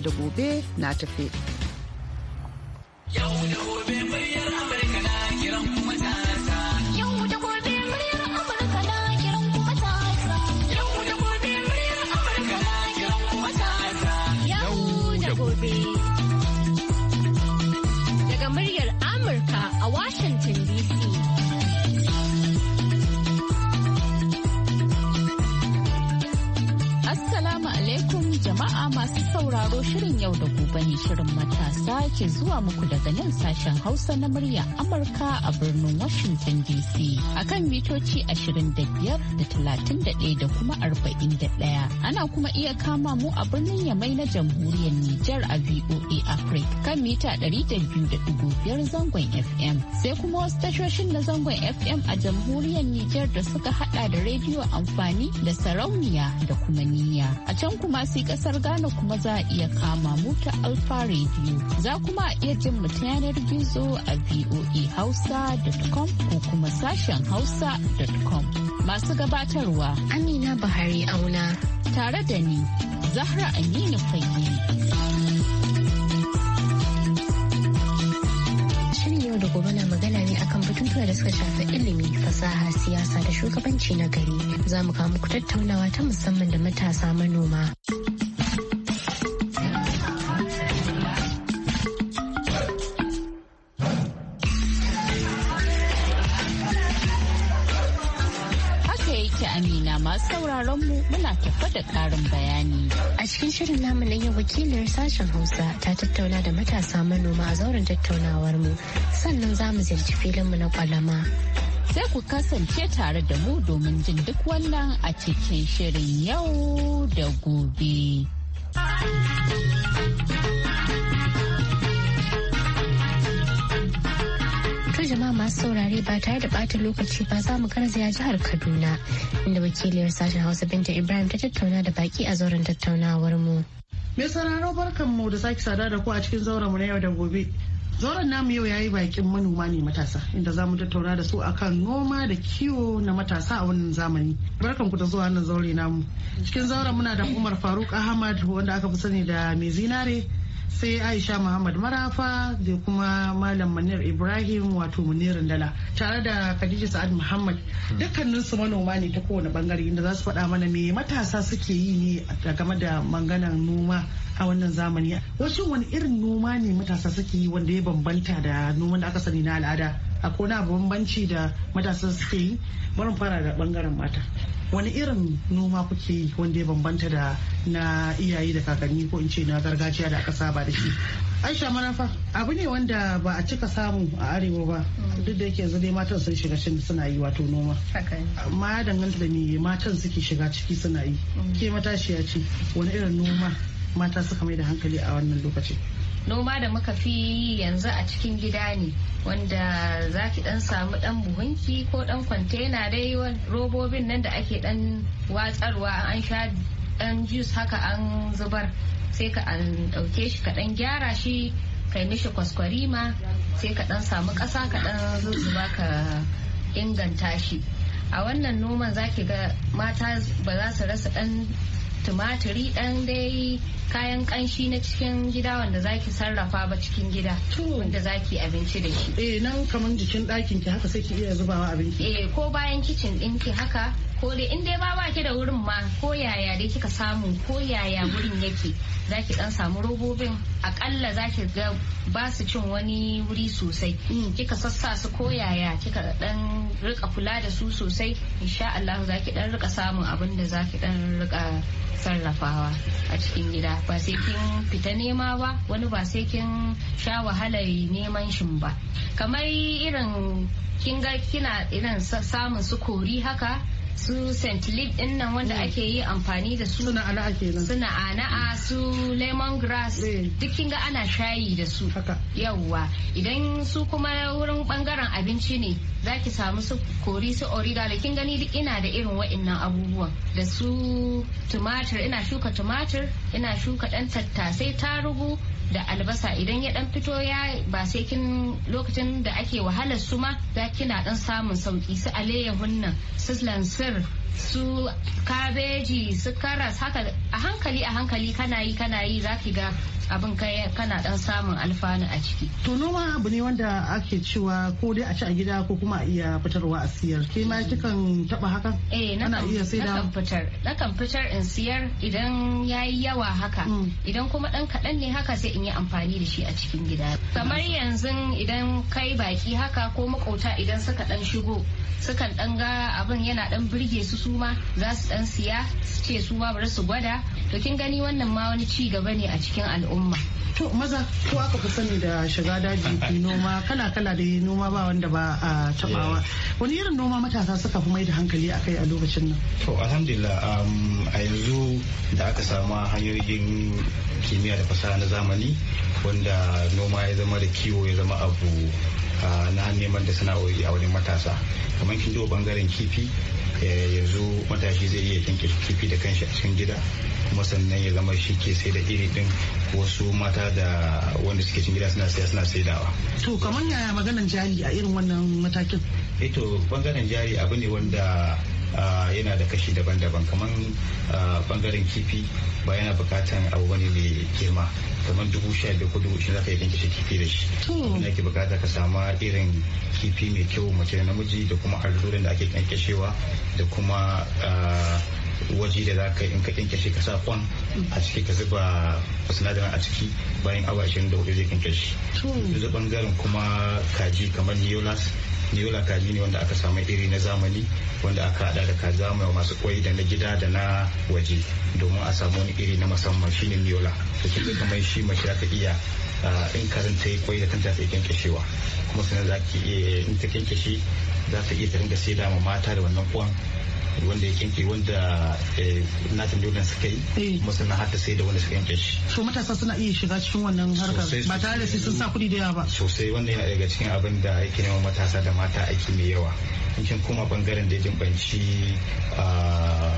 da gobe na tafe. Yau da gobe sauraro shirin yau da gobe ne shirin matasa ke zuwa muku daga nan sashen Hausa na murya Amurka a birnin Washington DC akan mitoci 25 da 31 da kuma 41. Ana kuma iya kama mu a birnin Yamai na jamhuriyar Nijar a VOA Africa kan mita 200.5 zangon FM. Sai kuma wasu tashoshin na zangon FM a jamhuriyar Nijar da suka hada da rediyo amfani da sarauniya da kuma niya A can kuma sai kasar Ghana kuma za a iya kama mu ta Alfa Radio. Za kuma iya jin mu ta yanar gizo a voahausa.com ko kuma sashen hausa.com. Masu gabatarwa Amina Buhari Auna. Tare da ni, Zahra Aminu Fayyi. yau da gobe na magana ne akan batutuwa da suka shafi ilimi fasaha siyasa da shugabanci na gari za mu kamu ku tattaunawa ta musamman da matasa manoma. masu sauraron mu muna tafa da ƙarin bayani. A cikin shirin namu na yau wakilin sashen Hausa ta tattauna da matasa manoma a zauren tattaunawar mu sannan za mu ziyarci filin mu na kwalama. Sai ku kasance tare da mu domin jin duk wannan a cikin shirin yau da gobe. masu saurare ba tare da ɓata lokaci ba za mu garzaya jihar Kaduna inda wakiliyar sashen Hausa Binta Ibrahim ta tattauna da baki a zauren tattaunawar mu. Mai sauraro barkan mu da sake sada da ku a cikin zauren mu na yau da gobe. Zauren namu yau yayi bakin manoma ne matasa inda za mu tattauna da su akan noma da kiwo na matasa a wannan zamani. Barkan ku da zuwa wannan zaure namu. Cikin zauren muna da Umar Faruk Ahmad wanda aka fi sani da Mai Zinare. sai aisha muhammad marafa da kuma malam munir ibrahim wato Munir dala tare da khadija sa'ad muhammad dukkanin su manoma ne ta kowane bangare inda za su faɗa mana me matasa suke yi ne game da manganan noma a wannan zamani wasu wani irin noma ne matasa suke yi wanda ya bambanta da noman da aka sani na al'ada a kona bambanci da matasa suke yi barin fara da bangaren mata wani irin noma kuke yi wanda ya bambanta da na iyaye da kakanni ko in ce na gargajiya da aka saba da shi aisha manafa abu ne wanda ba a cika samu a arewa ba duk da yake yanzu dai matan sun shiga shi suna yi wato noma amma ya danganta da me matan suke shiga ciki suna yi ke matashiya ce wani irin noma mata suka mai da hankali a wannan lokacin. noma da muka fi yi yanzu a cikin gida ne wanda za ki dan samu dan buhunki ko dan kwantena dai robobin nan da ake dan watsarwa an sha dan jus haka an zubar sai ka an dauke shi ka dan gyara shi kai mishi kwaskwarima sai ka dan samu kasa ka dan zuzzuba ka inganta shi a wannan noman za ki ga mata ba za su rasa dan tumatiri ɗan dai kayan ƙanshi na cikin gida wanda zaki sarrafa ba cikin gida wanda zaki abinci da shi eh nan kaman jikin ɗakin ki haka sai ki iya zubawa abinci eh ko bayan kicin ɗinki haka ko dai in dai ba ba ki da wurin ma ko yaya dai kika samu ko yaya wurin yake za ki dan samu robobin akalla za ki ga ba su cin wani wuri sosai mm. kika sassa su ko yaya kika dan rika kula da su sosai insha Allah za ki dan rika samun abin da za ki dan rika sarrafawa a cikin gida ba sai kin fita nema ba wani ba sai kin sha wahalar neman shin ba kamar irin kin ga kina irin samun su kori haka su st leaf din nan wanda mm. ake yi amfani da su suna ana'a kenan suna ana'a su grass mm. duk kin ga ana shayi da su yawwa idan su kuma wurin bangaren abinci ne zaki samu su kori su origala kin gani duk ina da irin wa'annan abubuwan da su tumatir ina shuka tumatir ina shuka dan tattasai tarugu da albasa idan ya dan fito ya ba sai kin lokacin da ake wahalar su ma za kina dan samun sauki su alayyahun nan su favor? su kabeji su karas haka a hankali a hankali kana yi kana yi za ki ga abin kai kana dan samun alfanu a ciki. To noma abu ne wanda ake cewa ko dai a ci a gida ko kuma a iya fitarwa a siyar. Ke ma kikan taba haka? Eh na iya sai da fitar. kan fitar in siyar idan yayi yawa haka. Mm. Idan kuma dan kadan ne haka sai in yi amfani da shi a cikin gida. Kamar yanzu idan kai baki haka ko makauta idan suka dan shigo sukan dan ga abin yana dan birge su su ma za su dan siya su ce su ma bari su gwada to kin gani wannan ma wani ci gaba ne a cikin al'umma to maza ko aka fi sani da shiga daji ke noma kala kala da noma ba wanda ba a tabawa wani irin noma matasa suka fi mai da hankali akai a lokacin nan to alhamdulillah um, a yanzu da aka samu hanyoyin kimiyya da fasaha na zamani wanda noma ya zama da kiwo ya zama abu uh, na neman da sana'o'i a wani matasa kamar kin duba bangaren kifi Eh, yanzu matashi zai iya kinke kifi da kanshi a cikin gida kuma sannan ya zama shi ke sai da iri din wasu mata da wanda suke cikin gida suna saya suna saidawa. To kamar yaya maganan jari a irin wannan matakin? Eto eh bangaren jari abu ne wanda yana da kashi daban-daban kamar bangaren kifi ba yana bukatan abu wani mai girma kamar dubu sha biyu ko dubu za ka yi kashe kifi da shi abin ake bukata ka samu irin kifi mai kyau mace namiji da kuma alluran da ake kankashewa da kuma waje da za ka in ka kyankyashe ka sa kwan a ciki ka zuba sinadarin a ciki bayan awa 24 zai kyankyashe. Yanzu bangaren kuma kaji kamar Neolas Neola kaji ne wanda aka samu iri na zamani wanda aka hada da kaza mai masu kwai da na gida da na waje domin a samu wani iri na musamman shine Neola. To kin kamar shi mace aka iya ah, in karanta ya koyi kwai da kanta ta yi kyankashewa kuma sanar za ki iya in ta kyankashi za ta iya ta dinga sai da mata da wannan kwan wanda ya kinke wanda eh, na Jordan suka yi eh. kuma sannan hata sai da wanda suka yanke shi. So matasa suna iya shiga cikin wannan harkar ba tare da sai sun sa kuɗi da yawa ba. Sosai wannan yana daga cikin abin da yake neman matasa da mata aiki mai yawa. In kin koma bangaren da ya jimbanci ah,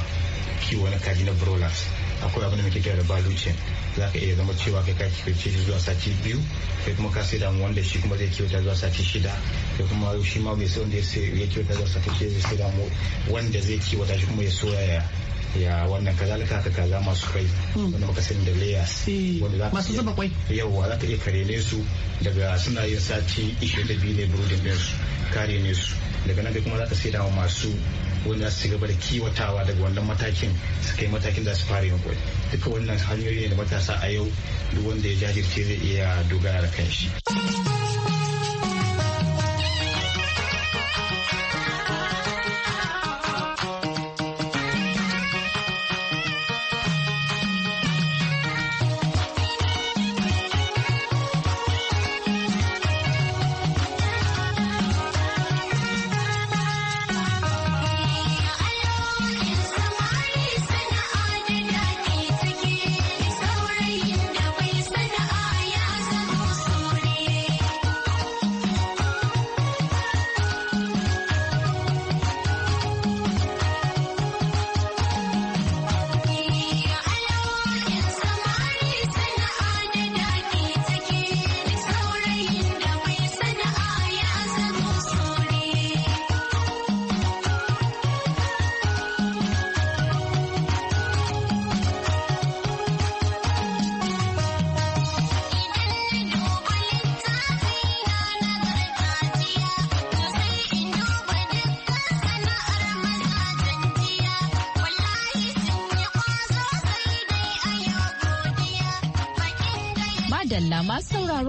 kiwo na kaji na broilers. akwai abin da muke kira da balucin za ka iya zama cewa kai kai kiwace zuwa sati biyu kai kuma ka sai damu wanda shi kuma zai kiwata zuwa sati shida kai kuma shi ma bai sai wanda ya kiwata zuwa sati shida zai sai damu wanda zai kiwata shi kuma ya soya ya wannan kazalika ka kaza masu kai hmm. wanda muka sani da layers masu zuba kwai yawwa za ka iya kare ne su daga suna yin sati 22 ne brooding din su kare ne su daga nan kuma za ka sai damu masu wani su gaba da kiwatawa daga wannan matakin su kai matakin da su fara yin kwai duka wannan hanyoyi ne da matasa a yau duk wanda ya jajirce zai iya dogara da kanshi.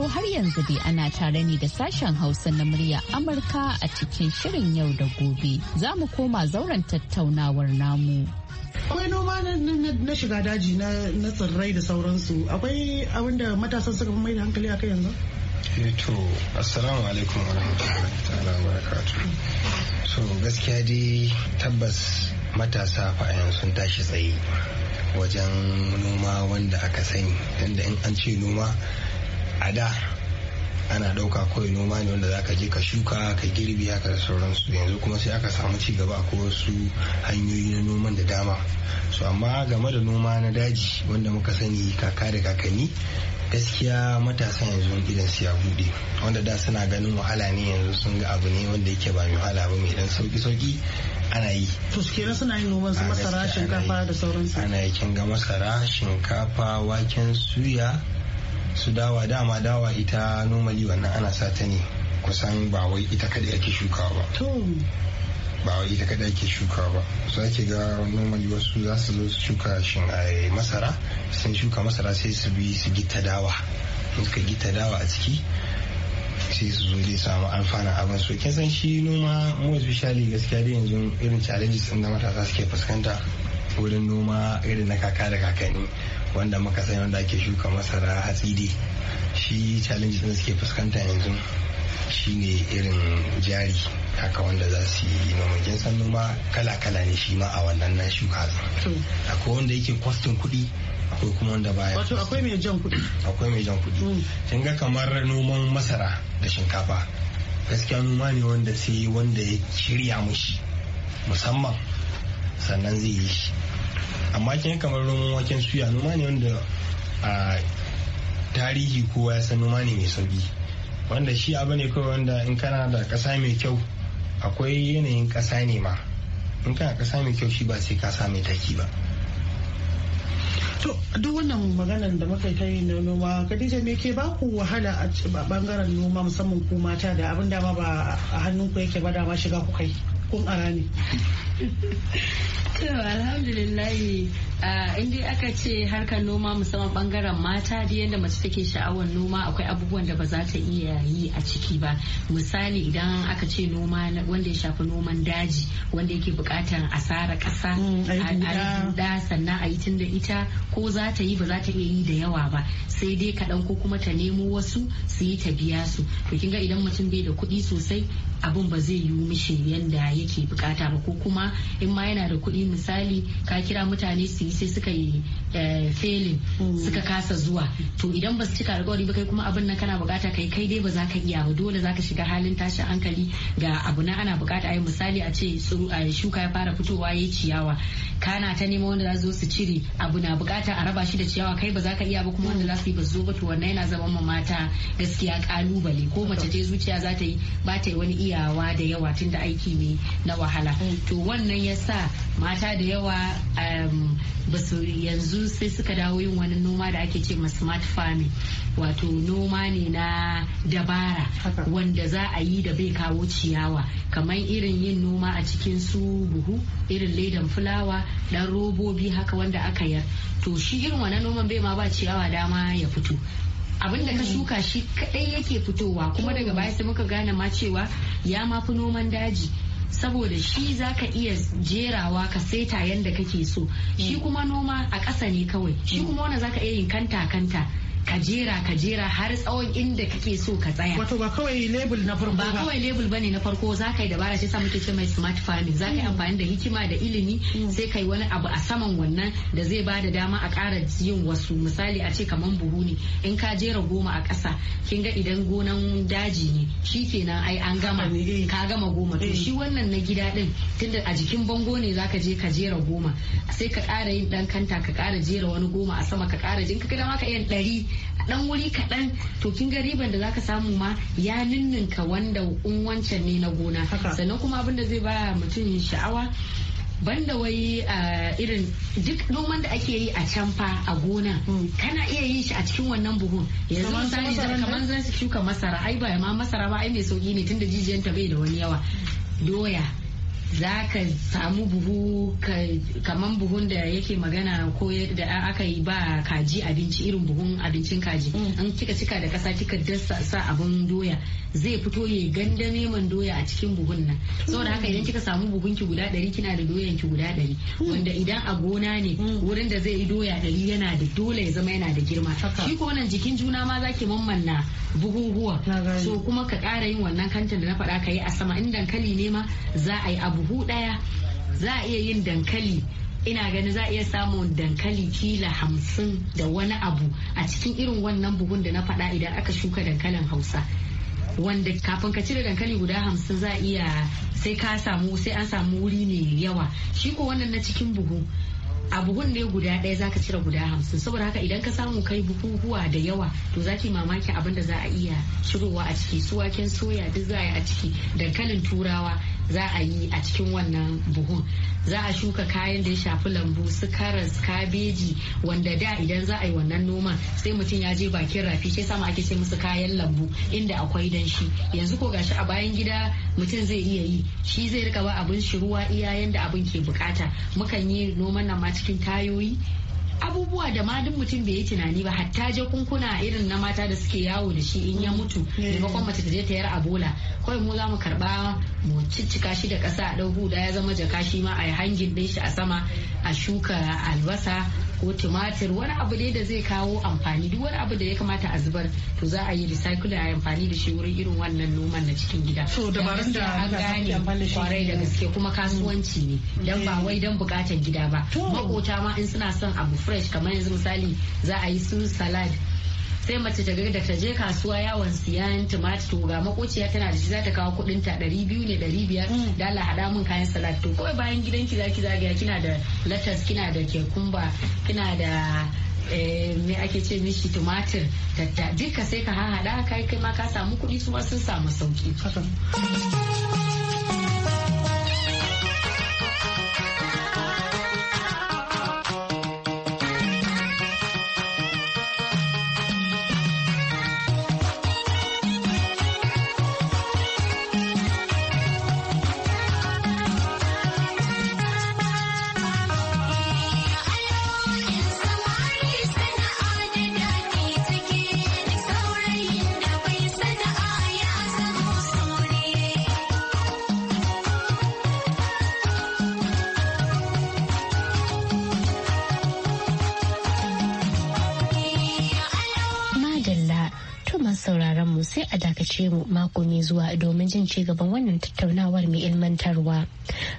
har yanzu dai ana tare ne da sashen Hausa na murya Amurka a cikin shirin yau da gobe. Za mu koma zauren tattaunawar namu. akwai noma na shiga daji na tsirrai da sauransu akwai abinda matasan suka mai da hankali akai yanzu eh to assalamu alaikum wa ta'ala so gaskiya dai tabbas matasa fa'ayan sun tashi tsaye wajen noma wanda aka sani tunda in an ce noma a da ana ɗauka kawai noma ne wanda za ka je ka shuka ka girbi haka da sauransu yanzu kuma sai aka samu ci gaba ko wasu hanyoyi na noman da dama so amma game da noma na daji wanda muka sani kaka da kakanni gaskiya matasan yanzu idan su ya bude wanda da suna ganin wahala ne yanzu sun ga abu ne wanda yake ba wahala ba mai dan sauki sauki ana yi to kenan suna yin noman su masara shinkafa da sauransu ana yi kin ga masara shinkafa waken suya su dawa dama dawa ita nomali wannan ana sa ta ne kusan ba wai ita kada ake shukawa ba ba wai ita kadai ake shukawa ba su ake ga nomali wasu za su zo su shuka shin masara sun shuka masara sai su bi su gita dawa in suka gita dawa a ciki sai su zo zai samu alfana abin so kin san shi noma most bishali gaskiya da yanzu irin challenges din da matasa suke fuskanta wurin noma irin na kaka da kakanni wanda muka sani wanda ake shuka masara hatsi dai shi challenge din suke fuskanta yanzu shine irin jari haka wanda za su yi mamakin san noma kala-kala ne shi ma a wannan na shuka akwai wanda yake kwastin kuɗi akwai kuma wanda baya wato akwai mai jan kuɗi akwai mai jan kuɗi mm. kin ga kamar noman masara da shinkafa gaskiya noma ne wanda sai wanda ya shirya mushi musamman sannan zai yi shi amma kin kamar noman waken suya noma ne wanda a tarihi kowa ya san noma ne mai sauki wanda shi abu ne kawai wanda in kana da ƙasa mai kyau akwai yanayin ƙasa ne ma in kana ƙasa mai kyau shi ba sai ka mai taki ba to duk wannan maganar da muka ta yi na noma Khadija me ke baku wahala a bangaren noma musamman ku mata da abin dama ba a hannun ku yake ba dama shiga ku kai kun ara ne To ah, in dai aka ce harkar noma musamman bangaren mata da yadda mace take sha'awar noma akwai abubuwan da ba za ta iya yi a ciki ba misali idan aka ce noma wanda ya shafi noman daji wanda yake bukatar asara kasa a mm, sannan a yi tun da ita ko za ta yi ba za ta iya yi da yawa ba sai dai kaɗan ko kuma ta nemo wasu su yi ta biya su to ga idan mutum bai da kuɗi sosai abun ba zai yi mishi yadda yake bukata ba ko kuma in ma yana da kuɗi misali ka kira mutane su yi sai suka yi Eh, failing mm. suka kasa zuwa to idan ba su cika alkawari ba kai kuma abin nan kana bukata kai kai dai ba za ka iya ba dole za ka shiga halin tashin hankali ga abu na ana bukata a yi misali a ce shuka ya fara fitowa yayi ciyawa kana ta nema wanda za su cire abu na bukata a raba shi da ciyawa kai ba za ka iya ba kuma wanda za su yi ba zo ba to wannan yana zama ma mata gaskiya kalubale ko mace ce zuciya za ta yi ba ta yi wani iyawa da yawa tunda aiki ne na wahala mm. to wannan ya sa mata da yawa ba su yanzu yanzu sai suka dawo yin wani noma da ake ce smart farming wato noma ne na dabara wanda za a yi da bai kawo ciyawa kamar irin yin noma a cikin su buhu irin ledan fulawa dan robobi haka wanda aka yar to shi irin wannan noman bai ma ba ciyawa dama ya fito abin da ka mm. shuka shi kadai yake fitowa kuma daga baya sai muka gane ma cewa ya mafi noman daji saboda shi zaka iya jerawa ka saita yanda kake so shi mm. kuma noma a ƙasa ne kawai shi mm. kuma wanda zaka iya yin kanta kanta ka jera ka jera har tsawon inda kake so ka tsaya wato ba kawai label na farko ba kawai label bane na farko za ka yi dabara shi samu ke ce mai smart farming za ka yi amfani da hikima da ilimi mm. sai ka wani abu a saman wannan da zai ba da dama a ƙara yin wasu misali a ce kamar buhu ne in ka jera goma a ƙasa kin ga idan gonan daji ne shi kenan ai an gama ka gama goma to mm. shi wannan na gida din tunda a jikin bango ne za ka je ka jera goma sai ka ƙara yin dan kanta ka ƙara jera wani goma a sama ka ƙara jin ka ga maka ka yin ɗari ɗan wuri kaɗan to kin ga riban da zaka samu ma ya ninninka wanda in wancan ne na gona sannan kuma abin da zai baya mutum sha'awa banda wai irin duk noman da ake yi a can fa a gona hmm. kana iya yin shi a cikin wannan buhun yanzu misali kamar zan shuka masara ai ba ma masara ba ai mai sauki ne tunda jijiyanta bai da wani yawa doya za ka samu buhu kamar buhun da yake magana ko da aka yi ba kaji abinci irin buhun abincin kaji An mm. kika cika da kasa kika dasa sa abun doya zai fito ya ganda neman doya a cikin buhun nan saboda haka idan kika samu buhun ki guda ɗari kina da doyan ki guda ɗari mm. wanda idan a gona ne mm. wurin da zai yi doya ɗari yana da dole ya zama yana da girma shi ko wannan jikin juna ma zaki mammanna buhuhuwa so kuma ka ƙara yin wannan kantin da na faɗa ka yi a sama in dankali ne ma za a yi abu buhu daya za a iya yin dankali ina ganin za a iya samun dankali kila hamsin da wani abu a cikin irin wannan buhun da na faɗa idan aka shuka dankalin hausa wanda kafin ka cire dankali guda hamsin za iya sai ka samu sai an samu wuri ne yawa shi ko wannan na cikin buhu a buhun ne guda ɗaya za ka cire guda hamsin saboda haka idan ka samu kai buhuhuwa da yawa to za ki mamaki abin da za a iya shigowa a ciki su waken soya duk za a yi a ciki dankalin turawa za a yi a cikin wannan buhun za a shuka kayan da ya shafi lambu su karas kabeji wanda da idan za a yi wannan noman sai mutum ya je bakin rafi sai sama ake ce musu kayan lambu inda akwai danshi yanzu ko gashi a bayan gida mutum zai iya yi shi zai rika ba abin shi ruwa iya yanda abin ke bukata mukan yi noman nan ma cikin tayoyi abubuwa da ma duk mutum bai yi tunani ba hatta jakunkuna irin na mata da suke yawo da shi in ya mutu bakon eh. mace ta je ta yar abola kawai mu za mu karba mu ciccika shi da kasa a ɗau huda ya zama jaka shi ma a yi hangin ɗin shi a sama a shuka albasa ko tumatir wani abu ne da zai kawo amfani duk wani abu da ya kamata a zubar to za a yi recycle a amfani da shi wurin irin wannan noman na cikin gida. Da dabarun da an gane kwarai da gaske kuma kasuwanci ne dan ba wai dan bukatar gida ba. Makota ma in suna son abu fresh kamar yanzu misali za a yi su salad sai mace ta da ta je kasuwa yawon siyan tumatir ga makociya tana da shi za ta kawo kuɗin ta ɗari biyu ne ɗari biyar mm. da Allah haɗa min kayan salad to kawai bayan gidan ki zaki zagaya kina da latas kina da kekumba kina da eh, me ake ce mishi tumatir tatta duka sai ka hada kai kai ma ka samu kuɗi su ma sun samu sauki. ci gaban wannan tattaunawar mai ilmantarwa.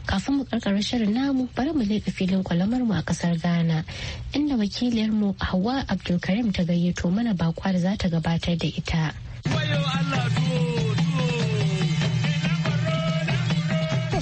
Kafin mu karkara shirin namu bari mu leƙa filin kwalamar mu a ƙasar Ghana inda wakiliyar mu Hauwa Abdulkarim ta gayyato mana bakwa da za ta gabatar da ita.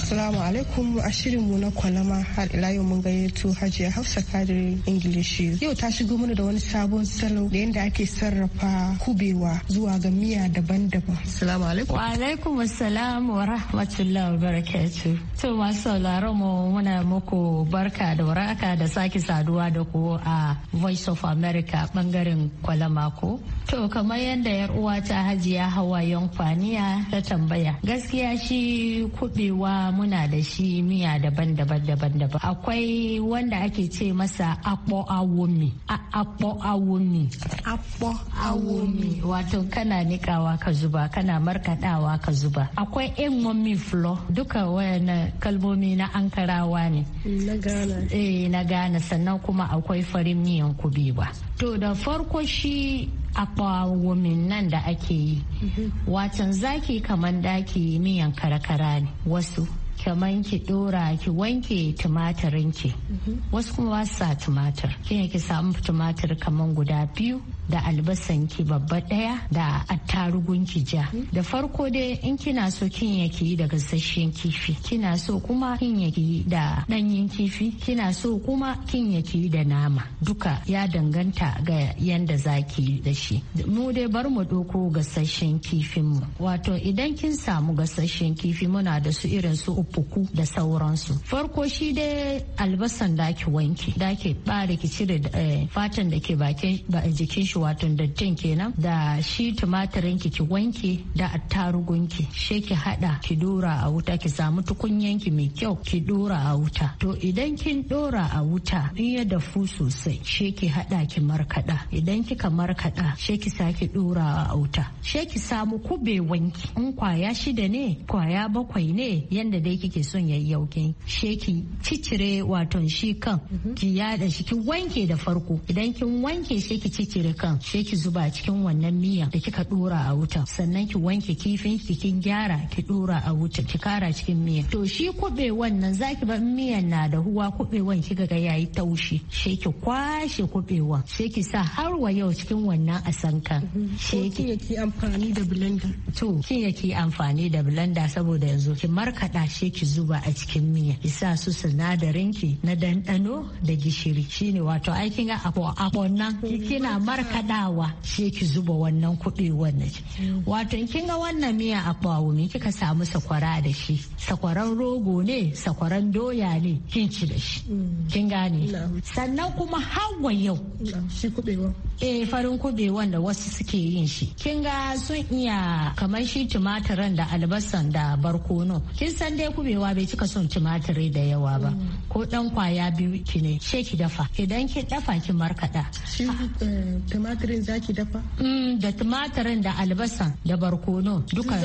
Assalamu alaikum a mu na kwalama har ila yau mun gayyato Hajiya Hafsa Kadir Ingilishi. Yau ta shigo mana da wani sabon salo da yadda ake sarrafa kubewa zuwa ga miya daban-daban. Assalamu alaikum. Wa alaikum assalam wa rahmatulah wa barakatu. To masu sauraron mu muna muku barka da waraka da sake saduwa da ku a Voice of America bangaren kwalama ko. To kamar yadda yar uwa ta Hajiya Hawa Yankwaniya ta tambaya. Gaskiya shi kubewa muna da shi miya daban-daban daban-daban akwai wanda ake ce masa akpo awomi akpo awomi akpo awomi wato kana nikawa ka zuba kana markadawa ka zuba akwai engomi flo duka wayana kalmomi na ankarawa ne na gana eh na gana sannan kuma akwai farin miyan kubewa to da farko shi akwa nan da ake yi mhm. watan zaki kaman daki miyan karakara ne wasu kaman ki dora ki wanke tumatirinki. ki mhm. wasu kuma sa tumatir kina ki samu tumatir kaman guda biyu da albasan ki babba daya da ki ja da farko dai in kina so kin yake yi da gasasshen kifi kina so kuma kin yake yi da danyen kifi kina so kuma kin yake da nama duka ya danganta ga yanda zaki da shi mu dai bar mu doko gasasshen kifin mu wato idan kin samu gasasshen kifi muna da su irin su ufuku da sauransu farko shi dai albasan da ki wanke da ki bare ki cire eh, fatan da ke bakin jikin shi wato dattin kenan da shi tumatirin ki ki wanke da attarugun ki she ki hada ki dora a wuta ki samu tukunyan ki mai kyau ki dora a wuta to idan kin dora a wuta in ya dafu sosai she ki hada ki markada idan kika markada she ki sake dora a wuta she ki samu kube wanki in kwaya shida ne kwaya bakwai ne yanda dai kike son yayi yaukin she ki cicire wato shi kan mhm. ki yada shi ki wanke da farko idan kin wanke she ki cicire kan wutan sai ki zuba cikin wannan miya da kika dora a wuta sannan ki wanke kifin ki kin gyara ki dora a wuta ki kara cikin miya to shi kuɓewan nan zaki bar miyan na da huwa wan kika ga yayi taushi sai ki kwashe wan sai ki sa har wa yau cikin wannan asanka mhm. sai ki yake amfani da blender to kin yake amfani da blender saboda yanzu ki markada shi ki zuba a cikin miya ki sa su sinadarin ki na dandano da gishiri shine wato aikin ga abu abon nan kina marka kadawa sai ki zuba wannan kuɗi wannan wato kin ga wannan miya a kika samu sakwara da shi sakwaran rogo ne sakwaran doya ne kin ci da shi mm. kin gane sannan kuma hawa yau eh farin kube wanda wasu suke yin shi kin ga sun iya kamar shi tumatirin da albasan da barkono kin san dai kubewa bai cika son tumatiri da yawa ba mm. ko dan kwaya biyu ki ne she ki dafa idan eh, ki dafa ki markada shi tumatirin zaki dafa da tumatirin da albasan da barkono duka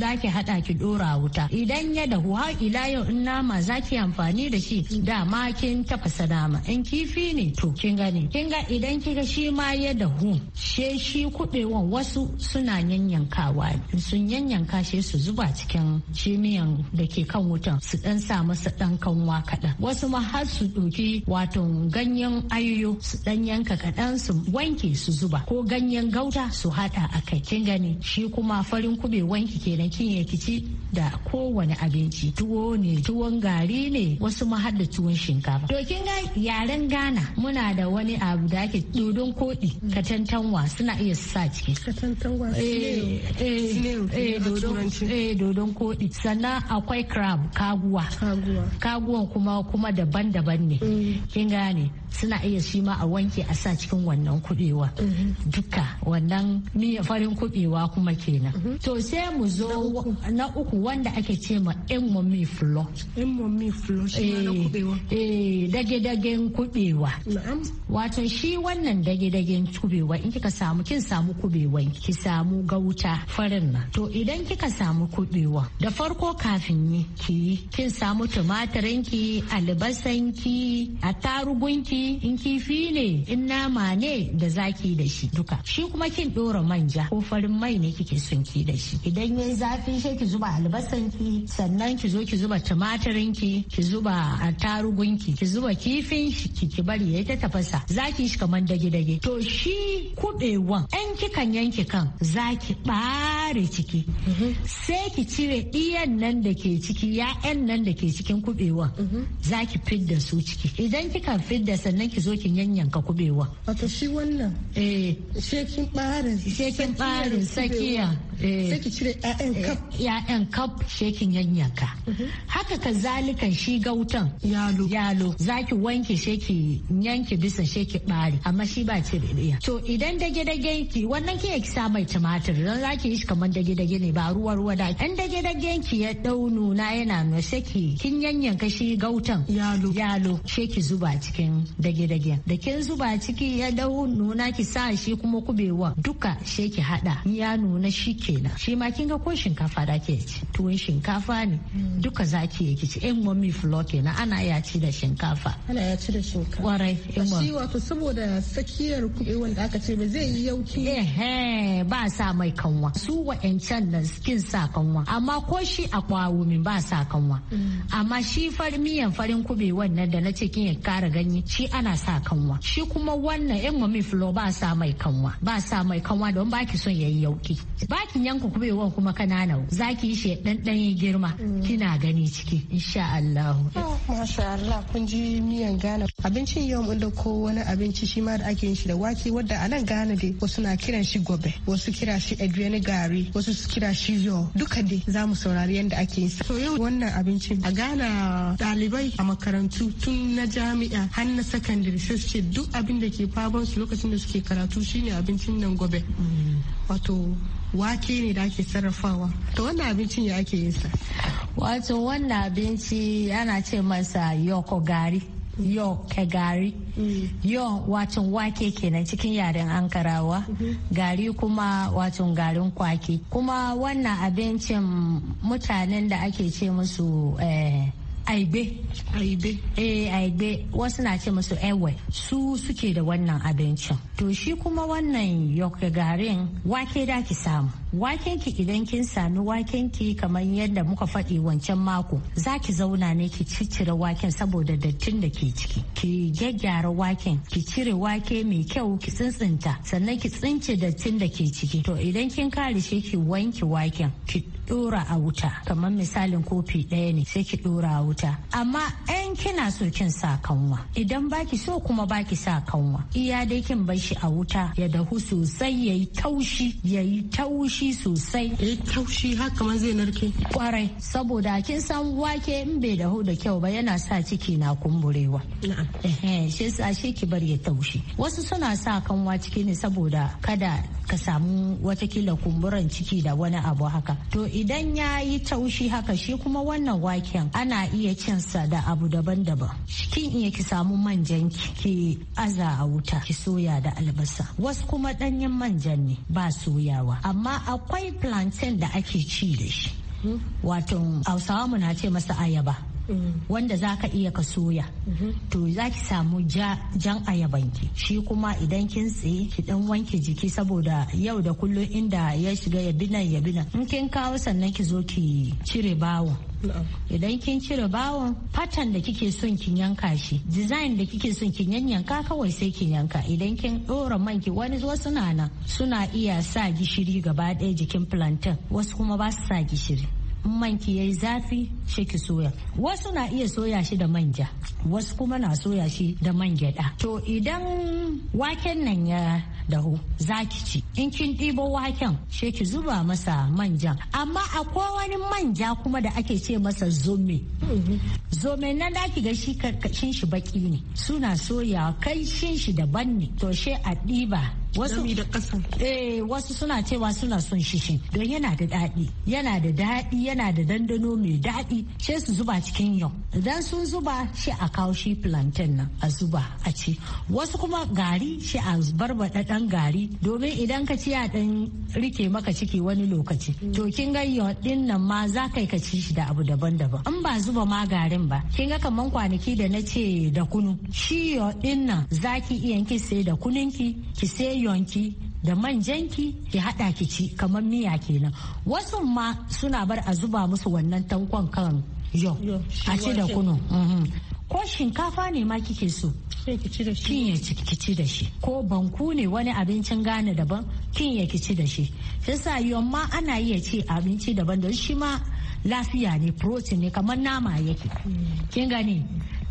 zaki hada ki dora wuta idan ya dahu har ila yau in nama zaki amfani da shi mm. dama kin tafasa nama in kifi ne to kin gani kin ga idan kiga shi ma baya da hu she shi kubewan wasu suna yanyankawa sun yanyanka she su zuba cikin shi da ke kan wutan su dan sa masa dan kanwa kaɗan wasu ma har su ɗauki wato ganyen ayoyo su dan yanka kaɗan su wanke su zuba ko ganyen gauta su haɗa a kai kin gani shi kuma farin kubewan wanki kenan kin ya kici da kowane abinci tuwo ne tuwon gari ne wasu ma har da tuwon shinkafa to kin ga yaren Ghana muna da wani abu da ake dodon ko koɗi mm. katantanwa suna iya sa ciki katantanwa eh, eh, eh dodon eh, kuɗi. sannan akwai crab kaguwa kaguwan kuma kuma daban-daban ne mm. kin gane suna iya shi ma a wanke a sa cikin wannan kubewa mm-hmm. duka wannan miya farin kubewa kuma kenan mm-hmm. to sai mu zo na uku wanda ake ce ma emomi flo emomi flo shi na kuɗewa. eh dage-dagen kubewa wato shi wannan dage-dage dayayyen kubewa in kika samu kin samu kubewan ki samu gauta farin nan to idan kika samu kubewa da farko kafin yi ki kin samu tumatirin ki albasan ki attarugun ki in kifi ne in nama ne da zaki da shi duka shi kuma kin ɗora manja ko farin mai ne kike son ki da shi idan yayi zafi sai ki zuba albasan ki sannan ki zo ki zuba tumatirin ki ki zuba attarugun ki ki zuba kifin shi ki bari ya ta tafasa zaki shi kamar dage dage to shi kubewan ɗan kikan yanki kan za ki ɓare ciki mhm. sai ki cire ɗiyan nan da ke ciki ya'yan nan da ke cikin kuɓewan mhm. za ki fidda su ciki idan kika fidda sannan ki zo ki yanyanka kubewan wato shi wannan eh shekin ɓarin sakiya Eh. sai ki cire ƴaƴan eh, kaf ƴaƴan kaf shekin yanyanka mhm. haka ka zalikan shi gautan yalo yalo zaki wanke sheki yanke bisa sheki bari amma shi ba cire to idan dage dage ki wannan ke ki mai tumatir dan zaki yi shi kamar dage dage ne ba ruwa ruwa da dan dage dage ki ya dau nuna yana nuna sheki kin yanyanka shi gautan yalo yalo sheki zuba cikin dage dage da kin zuba ciki ya dau nuna ki sa shi kuma kubewa duka sheki hada ya nuna shi kenan shi ma kin ga ko shinkafa da ke ci tuwon shinkafa ne mm. duka zaki ki ci mo mi flo kenan ana ya ci da shinkafa ana ya ci da shinkafa kwarai shi wato saboda sakiyar kuɗi eh, wanda aka ce ba zai yi yauki eh ba sa mai kanwa su wa'ancan nan skin sa kanwa amma ko shi a kwawo min ba sa kanwa mm. amma shi farin miyan farin kubewan nan da na ce kin ya kara ganye shi ana sa kanwa shi kuma wannan mo mi flo ba sa mai kanwa ba sa mai kanwa don ba ki son yayi yauki baki kin kuma yawan kuma kanana zaki shi dan dan girma mm. kina gani ciki insha Allah ah, masha Allah kun ji miyan gana abincin yau mun da ko wani abinci shi ma da ake yin shi da wake wadda a nan Ghana dai wasu na kiran shi gobe wasu kira shi adrenaline gari wasu su kira shi yo duka dai za mu saurari yadda ake yin so yau wannan abincin a gana dalibai a makarantu tun na jami'a har na secondary sai ce duk abin da ke faban su lokacin da suke karatu shine abincin nan gobe mm. wato wake ne da ake sarrafawa to wannan abincin ya ake yin sa wato wannan abinci ana ce masa yoko gari yo ke gari mm. yo wato wake kenan cikin yaren ankarawa mm-hmm. gari kuma wato garin kwaki kuma wannan abincin mutanen da ake ce musu eh, aibe aibe eh aibe wasu na ce musu ewe su suke da wannan abincin to shi kuma wannan yoke garin wake da ki samu waken ki idan kin sami waken ki kamar yadda muka faɗi wancan mako za ki zauna ne ki ciccire waken saboda dattin da ke ciki ki gyaggyara waken ki cire wake mai kyau ki tsintsinta sannan ki tsince dattin da ke ciki to idan kin kare shi ki wanke waken ki dora a wuta kamar misalin kofi ɗaya ne sai ki dora a wuta amma ɗan kina so kin sa kanwa idan baki so kuma baki sa kanwa iya dai kin bar shi a wuta ya dahu sosai yayi taushi yayi taushi sosai eh taushi haka kamar zai narke kwarai saboda kin san wake in bai dahu da kyau ba yana sa ciki na kumburewa eh shi sa shi ki bar ya taushi wasu suna sa kanwa ciki ne saboda kada ka samu watakila kumburan ciki da wani abu haka to idan ya yi taushi haka shi kuma wannan waken ana iya cinsa da abu daban-daban kin iya ki samu manjan ki aza a wuta ki soya da albasa wasu kuma danyen manjan ne ba soyawa amma akwai plantain da ake ci da shi wato hausawa mu na ce masa ayaba Mm. wanda za ka iya ka soya mm-hmm. to za ki samu jan ayabanki shi kuma idan kin tsaye ki dan wanke jiki saboda yau da kullum inda ya shiga ya binan ya binan in kin kawo sannan ki zo ki cire bawon idan kin cire bawon fatan da kike son kin yanka shi design da kike son kin yanyanka kawai sai kin yanka idan kin dora manki wani wasu na nan suna iya sa gishiri gaba ɗaya jikin plantain wasu kuma ba su sa gishiri man ki yayi zafi shi ki soya wasu na iya soya shi da manja wasu kuma na soya shi da man gyada to idan waken nan ya dahu za ki ci in kin ɗibo waken shi ki zuba masa manja amma akwai wani manja kuma da ake ce masa zome zome nan da ki ga shi karkashin shi baki ne suna soya kai shin shi daban ne to a ɗiba wasu da kasan eh wasu suna cewa suna son shi don yana da daɗi yana da daɗi yana da dandano mai daɗi sai su zuba cikin yau idan sun zuba shi a kawo shi plantain nan a zuba a ci wasu kuma gari shi a barbaɗa ɗan gari domin idan ka ci ya ɗan rike maka ciki wani lokaci to kin ga din nan ma za kai ka ci shi da abu daban-daban in ba zuba ma garin ba kin ga kaman kwanaki da na ce da kunu shi din nan za ki iya ki sai da kunun ki sai ki da manjanki ki hada ki ci kamar miya kenan wasu ma suna bar a zuba musu wannan tankon kan yau a ci da kunu mhm. ko shinkafa ne ma kike so kin ya ci da shi ko banku ne wani abincin gane daban kin ya ci da shi yasa yon ma ana iya ce abinci daban don shi ma lafiya ne protein ne kamar nama yake mm. kin gani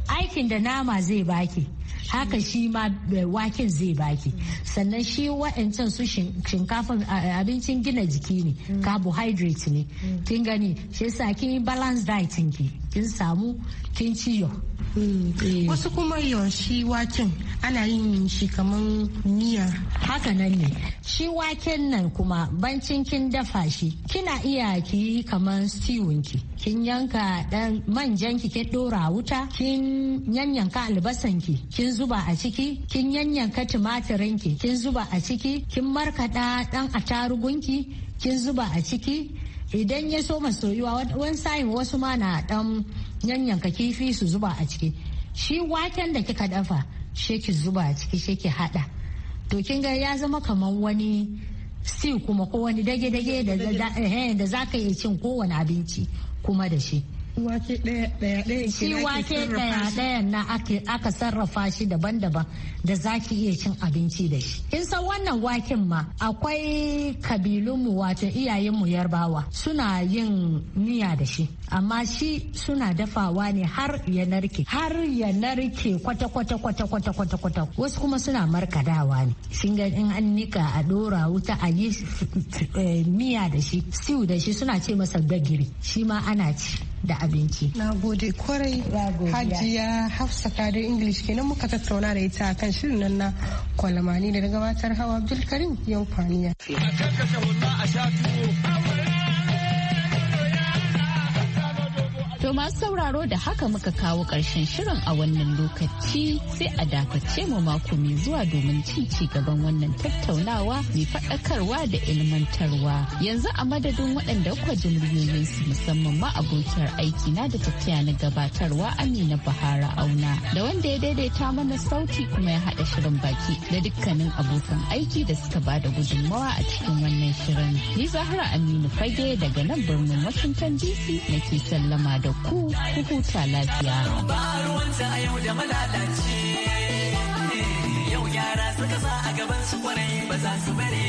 aikin da nama zai baki haka shi ma eh, waken zai baki sannan shi wa'ancan su shinkafin abincin gina jiki ne carbohydrate ne kin gani shi yasa kin yi balance diet ki kin samu kin ciyo eh. wasu kuma yawan shi waken ana yin shi kamar miya haka nan ne shi waken nan kuma bancin kin dafa shi kina iya ki kaman stewin ki kin yanka dan manjan ki kin dora wuta kin yanyanka albasan ki kin zuba a ciki kin yanyanka tumatirin ki kin zuba a ciki kin markada dan atarugun ki kin zuba a ciki idan ya soma soyuwa wani sa'in wasu ma na dan yanyanka kifi su zuba a ciki shi waken da kika dafa sheki ki zuba a ciki sheki hada to kin ga ya zama kamar wani stew kuma ko wani dage-dage da eh, za ka iya cin kowane abinci kuma da shi shi wake daya daya na aka sarrafa shi daban-daban da zaki iya cin abinci da shi in san wannan waken ma akwai kabilunmu wato iyayenmu yarbawa suna yin miya da shi amma shi suna dafawa ne har ya narke har ya narke kwata-kwata kwata-kwata kwata-kwata wasu kuma suna markadawa ne shin in an nika a dora wuta a yi eh, miya da shi dashi da shi suna ce masa gagiri shi ma ana ci da abinci. Na gode kwarai hajiya Hafsa da English kenan muka tattauna da ita kan shirin nan na kwalamani da gabatar hawa Yankwaniya. Karim yau faniya. A To masu sauraro da haka muka kawo ƙarshen shirin a wannan lokaci sai a dakace mu mako mai zuwa domin cin ci gaban wannan tattaunawa mai faɗakarwa da ilmantarwa. Yanzu a madadin waɗanda kwa ji su musamman ma abokiyar aiki na da tafiya na gabatarwa Amina Bahara Auna da wanda ya daidaita mana sauti kuma ya haɗa shirin baki da dukkanin abokan aiki da suka ba da gudunmawa a cikin wannan shirin. Ni Zahra Aminu Fage daga nan birnin Washington DC nake sallama da ku ku huta lafiya. Yau yara suka sa a gaban su kwarai ba za su bari